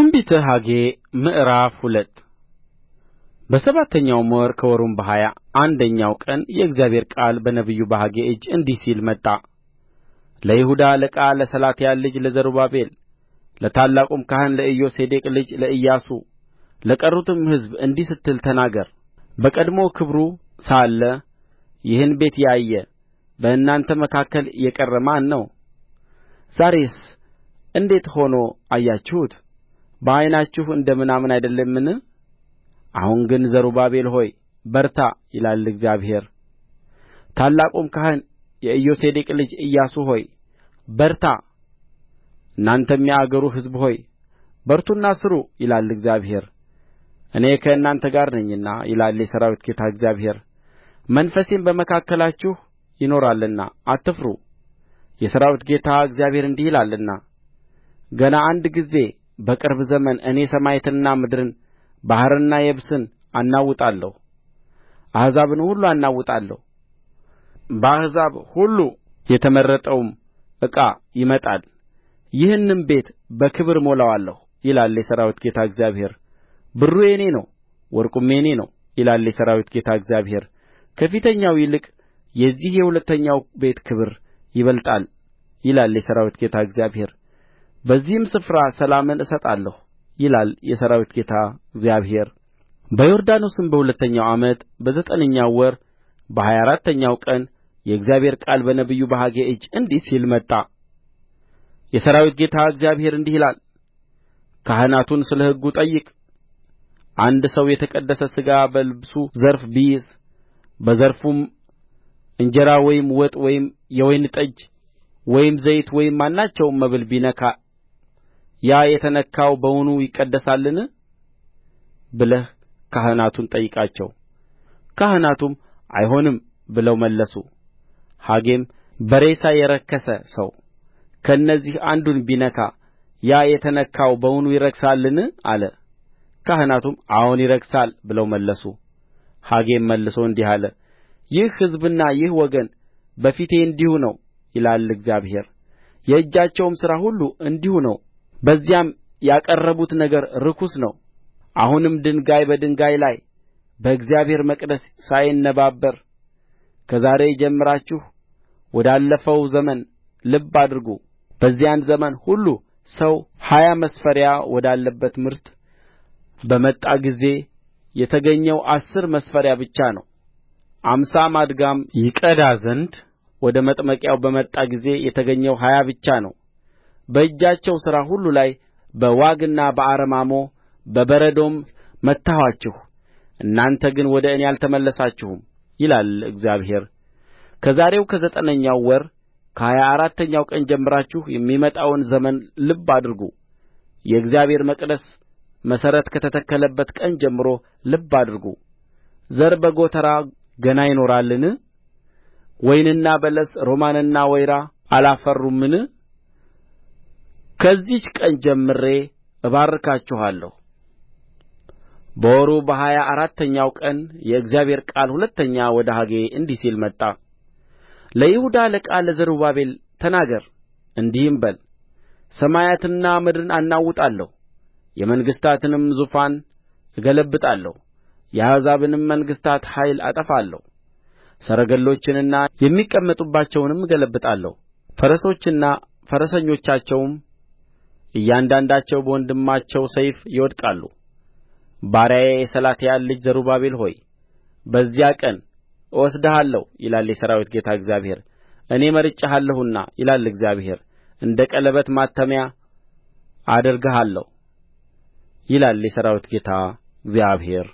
ትንቢተ ሐጌ ምዕራፍ ሁለት በሰባተኛው ወር ከወሩም በሀያ አንደኛው ቀን የእግዚአብሔር ቃል በነቢዩ በሐጌ እጅ እንዲህ ሲል መጣ ለይሁዳ አለቃ ለሰላትያል ልጅ ለዘሩባቤል ለታላቁም ካህን ለኢዮሴዴቅ ልጅ ለኢያሱ ለቀሩትም ሕዝብ እንዲህ ስትል ተናገር በቀድሞ ክብሩ ሳለ ይህን ቤት ያየ በእናንተ መካከል የቀረ ማን ነው? ዛሬስ እንዴት ሆኖ አያችሁት? በዓይናችሁ እንደ ምናምን አይደለምን አሁን ግን ዘሩባቤል ሆይ በርታ ይላል እግዚአብሔር ታላቁም ካህን የኢዮሴዴቅ ልጅ ኢያሱ ሆይ በርታ እናንተም የአገሩ ሕዝብ ሆይ በርቱና ሥሩ ይላል እግዚአብሔር እኔ ከእናንተ ጋር ነኝና ይላል የሠራዊት ጌታ እግዚአብሔር መንፈሴም በመካከላችሁ ይኖራልና አትፍሩ የሠራዊት ጌታ እግዚአብሔር እንዲህ ይላልና ገና አንድ ጊዜ በቅርብ ዘመን እኔ ሰማያትንና ምድርን ባሕርንና የብስን አናውጣለሁ አሕዛብን ሁሉ አናውጣለሁ በአሕዛብ ሁሉ የተመረጠውም ዕቃ ይመጣል ይህንም ቤት በክብር እሞላዋለሁ ይላል የሠራዊት ጌታ እግዚአብሔር ብሩ የእኔ ነው ወርቁም የእኔ ነው ይላል የሠራዊት ጌታ እግዚአብሔር ከፊተኛው ይልቅ የዚህ የሁለተኛው ቤት ክብር ይበልጣል ይላል የሠራዊት ጌታ እግዚአብሔር በዚህም ስፍራ ሰላምን እሰጣለሁ ይላል የሠራዊት ጌታ እግዚአብሔር በዮርዳኖስም በሁለተኛው ዓመት በዘጠነኛው ወር በሀያ አራተኛው ቀን የእግዚአብሔር ቃል በነቢዩ በሐጌ እጅ እንዲህ ሲል መጣ የሠራዊት ጌታ እግዚአብሔር እንዲህ ይላል ካህናቱን ስለ ሕጉ ጠይቅ አንድ ሰው የተቀደሰ ሥጋ በልብሱ ዘርፍ ቢይዝ በዘርፉም እንጀራ ወይም ወጥ ወይም የወይን ጠጅ ወይም ዘይት ወይም ማናቸውም መብል ቢነካ ያ የተነካው በውኑ ይቀደሳልን ብለህ ካህናቱን ጠይቃቸው ካህናቱም አይሆንም ብለው መለሱ ሐጌም በሬሳ የረከሰ ሰው ከእነዚህ አንዱን ቢነካ ያ የተነካው በውኑ ይረክሳልን አለ ካህናቱም አዎን ይረክሳል ብለው መለሱ ሐጌም መልሶ እንዲህ አለ ይህ ሕዝብና ይህ ወገን በፊቴ እንዲሁ ነው ይላል እግዚአብሔር የእጃቸውም ሥራ ሁሉ እንዲሁ ነው በዚያም ያቀረቡት ነገር ርኩስ ነው አሁንም ድንጋይ በድንጋይ ላይ በእግዚአብሔር መቅደስ ሳይነባበር ከዛሬ ጀምራችሁ ወዳለፈው ዘመን ልብ አድርጉ በዚያን ዘመን ሁሉ ሰው ሀያ መስፈሪያ ወዳለበት ምርት በመጣ ጊዜ የተገኘው አሥር መስፈሪያ ብቻ ነው አምሳ ማድጋም ይቀዳ ዘንድ ወደ መጥመቂያው በመጣ ጊዜ የተገኘው ሀያ ብቻ ነው በእጃቸው ሥራ ሁሉ ላይ በዋግና በአረማሞ በበረዶም መታኋችሁ እናንተ ግን ወደ እኔ አልተመለሳችሁም ይላል እግዚአብሔር ከዛሬው ከዘጠነኛው ወር ከሀያ አራተኛው ቀን ጀምራችሁ የሚመጣውን ዘመን ልብ አድርጉ የእግዚአብሔር መቅደስ መሠረት ከተተከለበት ቀን ጀምሮ ልብ አድርጉ ዘር በጎተራ ገና ይኖራልን ወይንና በለስ ሮማንና ወይራ አላፈሩምን ከዚህች ቀን ጀምሬ እባርካችኋለሁ በወሩ በሀያ አራተኛው ቀን የእግዚአብሔር ቃል ሁለተኛ ወደ ሐጌ እንዲህ ሲል መጣ ለይሁዳ አለቃ ለዘሩባቤል ተናገር እንዲህም በል ሰማያትንና ምድርን አናውጣለሁ የመንግሥታትንም ዙፋን እገለብጣለሁ የአሕዛብንም መንግሥታት ኃይል አጠፋለሁ ሰረገሎችንና የሚቀመጡባቸውንም እገለብጣለሁ ፈረሶችና ፈረሰኞቻቸውም እያንዳንዳቸው በወንድማቸው ሰይፍ ይወድቃሉ ባሪያዬ የሰላትያል ልጅ ዘሩባቤል ሆይ በዚያ ቀን እወስድሃለሁ ይላል የሠራዊት ጌታ እግዚአብሔር እኔ መርጬሃለሁና ይላል እግዚአብሔር እንደ ቀለበት ማተሚያ አደርግሃለሁ ይላል የሠራዊት ጌታ እግዚአብሔር